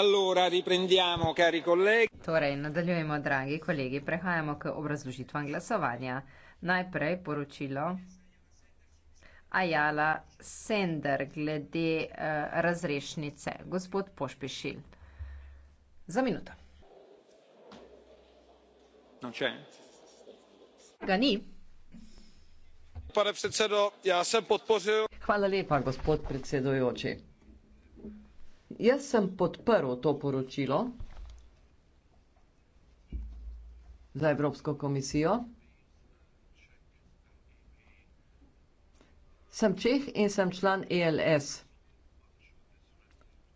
Allora riprendiamo cari colleghi. Torej nadaljujemo dragi kolegi, prehajamo k obrazložitvam glasovanja. Najprej poročilo Ajala Sender glede uh, razrešnice. Gospod Pošpešil. Za minuto. Non c'è. Ga ni. Pane predsedo, já jsem podpořil. Hvala lepa, gospod predsedujoči. Jaz sem podprl to poročilo za Evropsko komisijo. Sem Čeh in sem član ELS.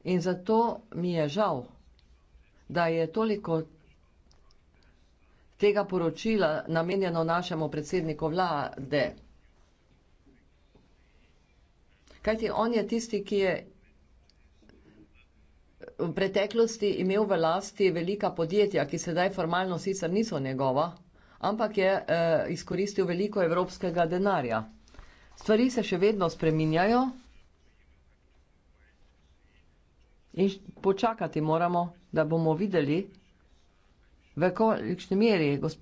In zato mi je žal, da je toliko tega poročila namenjeno našemu predsedniku vlade. Kajti on je tisti, ki je v preteklosti imel v lasti velika podjetja, ki sedaj formalno sicer niso njegova, ampak je eh, izkoristil veliko evropskega denarja. Stvari se še vedno spreminjajo in počakati moramo, da bomo videli, v kolikšni meri gosp...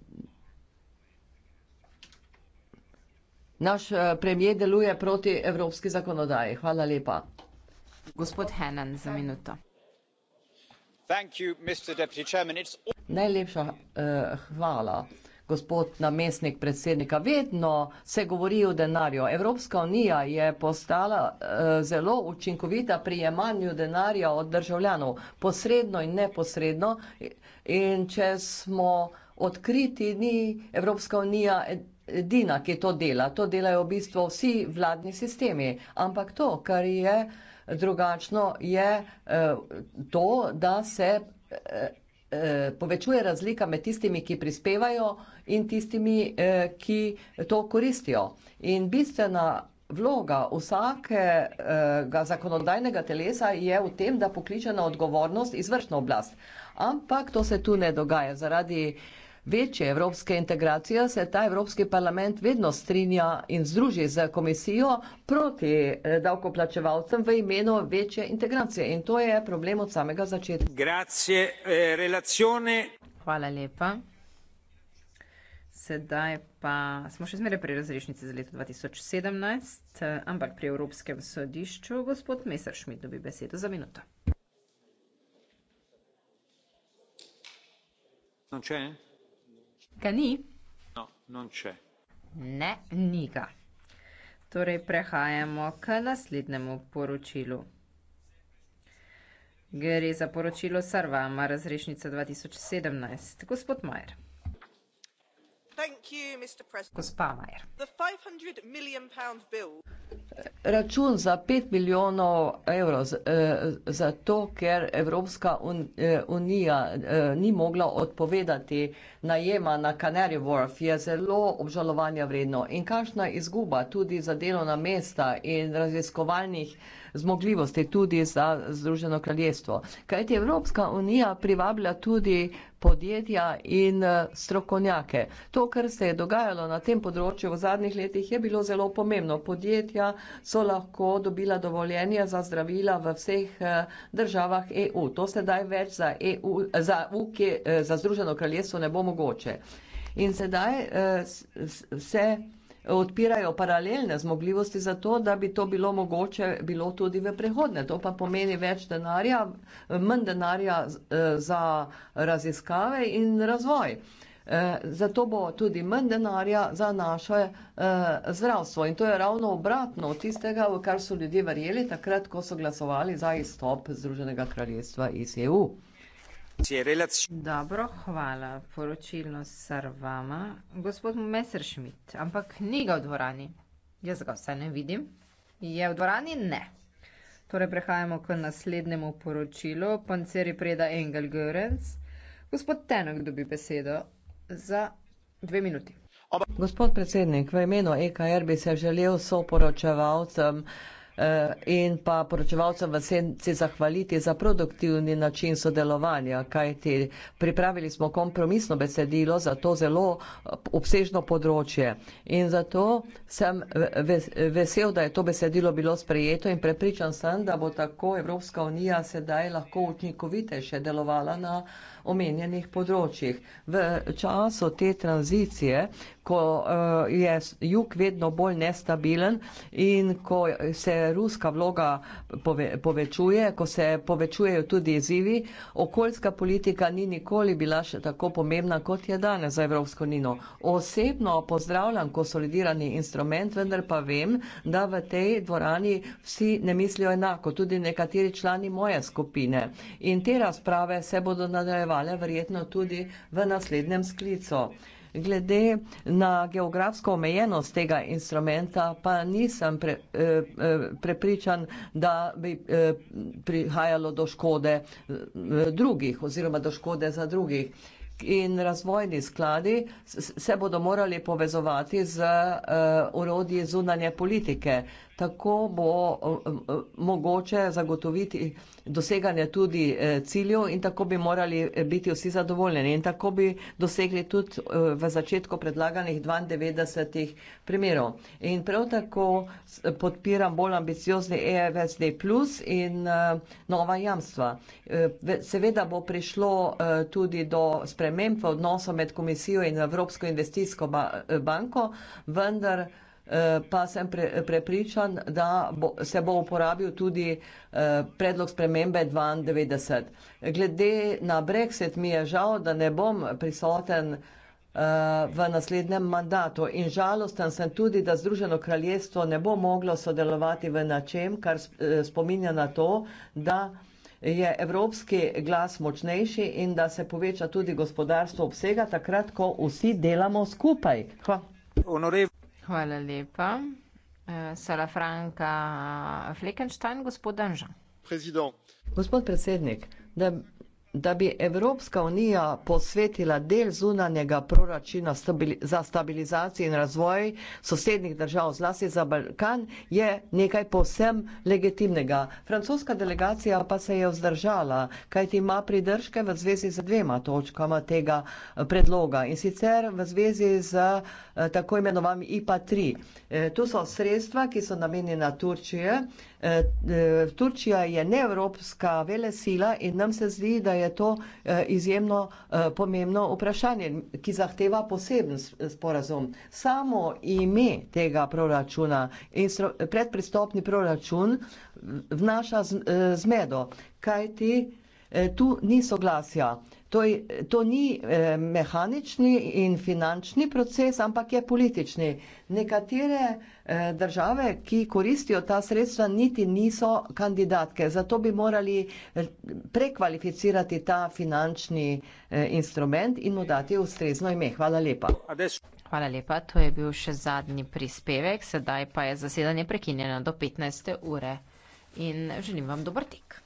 naš eh, premijer deluje proti evropski zakonodaji. Hvala lepa. Gospod Henan, za minuto. Najlepša eh, hvala, gospod namestnik predsednika. Vedno se govori o denarju. Evropska unija je postala eh, zelo učinkovita pri jemanju denarja od državljanov, posredno in neposredno. In če smo odkriti, ni Evropska unija edina, ki to dela. To delajo v bistvu vsi vladni sistemi. Ampak to, kar je drugačno je eh, to, da se eh, eh, povečuje razlika med tistimi, ki prispevajo in tistimi, ki to koristijo. In bistvena vloga vsakega zakonodajnega telesa je v tem, da pokliče na odgovornost izvršno oblast. Ampak to se tu ne dogaja zaradi večje evropske integracije, se ta Evropski parlament vedno strinja in združi z komisijo proti eh, davkoplačevalcem v imenu večje integracije. In to je problem od samega začetka. Grazie, eh, relazione. Hvala lepa. Sedaj pa smo še zmeraj pri razrešnici za leto 2017, eh, ampak pri Evropskem sodišču. Gospod Messerschmidt dobi besedo za minuto. Non c'è? Ga ni? No, non c'è. Ne, ni ga. Torej, prehajamo k naslednjemu poročilu. Gre za poročilo Sarvama, razrešnica 2017. Gospod Majer gospa Mayer. Račun za pet milijonov evrov eh, zato, ker Evropska eh, unija eh, ni mogla odpovedati najema na Canary Wharf, je zelo obžalovanja vredno. In kakšna izguba tudi za delovna mesta in raziskovalnih zmogljivosti tudi za Združeno kraljestvo. Kajti Evropska unija privablja tudi podjetja in eh, strokovnjake. To, kar se je dogajalo na tem področju v zadnjih letih, je bilo zelo pomembno. Podjetja so lahko dobila dovoljenja za zdravila v vseh eh, državah EU. To sedaj več za, EU, za, UK, eh, za Združeno kraljestvo ne bo mogoče. In sedaj se odpirajo paralelne zmogljivosti za to, da bi to bilo mogoče bilo tudi v prihodnje. To pa pomeni več denarja, manj denarja e, za raziskave in razvoj. E, zato bo tudi manj denarja za naše e, zdravstvo. In to je ravno obratno od tistega, v kar so ljudje verjeli takrat, ko so glasovali za izstop Združenega kraljestva iz EU. Dobro, hvala. Poročilno sar vama. Gospod Messerschmidt, ampak ni ga v dvorani. Jaz ga vse ne vidim. Je v dvorani? Ne. Torej, prehajamo k naslednjemu poročilu. Panceri preda Engel Görens. Gospod Tenok dobi besedo za dve minuti. Gospod predsednik, v imenu EKR bi se želel soporočevalcem. Eh, in pa poročevalcem v senci zahvaliti za produktivni način sodelovanja, kajti pripravili smo kompromisno besedilo za to zelo eh, obsežno področje. In zato sem eh, vesel, da je to besedilo bilo sprejeto in prepričan sem, da bo tako Evropska unija sedaj lahko učinkovitejše delovala na omenjenih področjih. V času te tranzicije ko eh, je jug vedno bolj nestabilen in ko se ruska vloga pove, povečuje, ko se povečujejo tudi izzivi, okoljska politika ni nikoli bila še tako pomembna, kot je danes za Evropsko unijo. Osebno pozdravljam konsolidirani instrument, vendar pa vem, da v tej dvorani vsi ne mislijo enako, tudi nekateri člani moje skupine. In te razprave se bodo nadaljevale verjetno tudi v naslednjem sklicu glede na geografsko omejenost tega instrumenta pa nisem pre, eh, eh, prepričan, da bi eh, prihajalo do škode drugih oziroma do škode za drugih. In razvojni skladi se bodo morali povezovati z uh, urodji zunanje politike, kako bo eh, eh, mogoče zagotoviti doseganje tudi eh, ciljev in tako bi morali biti vsi zadovoljeni. In tako bi dosegli tudi v začetku predlaganih 92 primerov. In prav tako podpiram bolj ambiciozni EFSD plus in nova jamstva. Seveda bo prišlo tudi do sprememb v odnosu med komisijo in Evropsko investijsko banko, vendar Eh, pa sem pre, prepričan, da bo, se bo uporabil tudi eh, predlog spremembe 92. Glede na Brexit mi je žal, da ne bom prisoten eh, v naslednjem mandatu in žalosten sem tudi, da Združeno kraljestvo ne bo moglo sodelovati v načem, kar eh, spominja na to, da je evropski glas močnejši in da se poveča tudi gospodarstvo obsega, takrat, ko vsi delamo skupaj. Hva. Honorable. Hvala lepa. Eh, Sala Franka eh, Fleckenstein, gospod Danža. Gospod predsednik, da da bi Evropska unija posvetila del zunanjega proračuna za stabilizacijo in razvoj sosednjih držav, zlasti za Balkan, je nekaj povsem legitimnega. Francoska delegacija pa se je vzdržala, kajti ima pridržke v zvezi z dvema točkama tega eh, predloga in sicer v zvezi z eh, tako imenovanim IPA-3. Tu eh, so sredstva, ki so namenjena Turčije, Eh, eh, Turčija je neevropska velesila in nam se zdi, da je to eh, izjemno pomembno vprašanje, ki zahteva poseben sporazum. Samo ime tega proračuna in predpristopni proračun vnaša zmedo, kajti tu ni soglasja. To, je, to ni eh, mehanični in finančni proces, ampak je politični. Nekatere eh, države, ki koristijo ta sredstva, niti niso kandidatke. Zato bi morali eh, prekvalificirati ta finančni eh, instrument in mu dati ustrezno ime. Hvala lepa. Hvala lepa. To je bil še zadnji prispevek. Sedaj pa je zasedanje prekinjeno do 15. ure. In želim vam dober tik.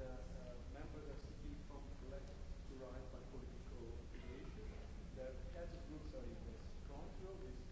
Uh, uh, Thank you.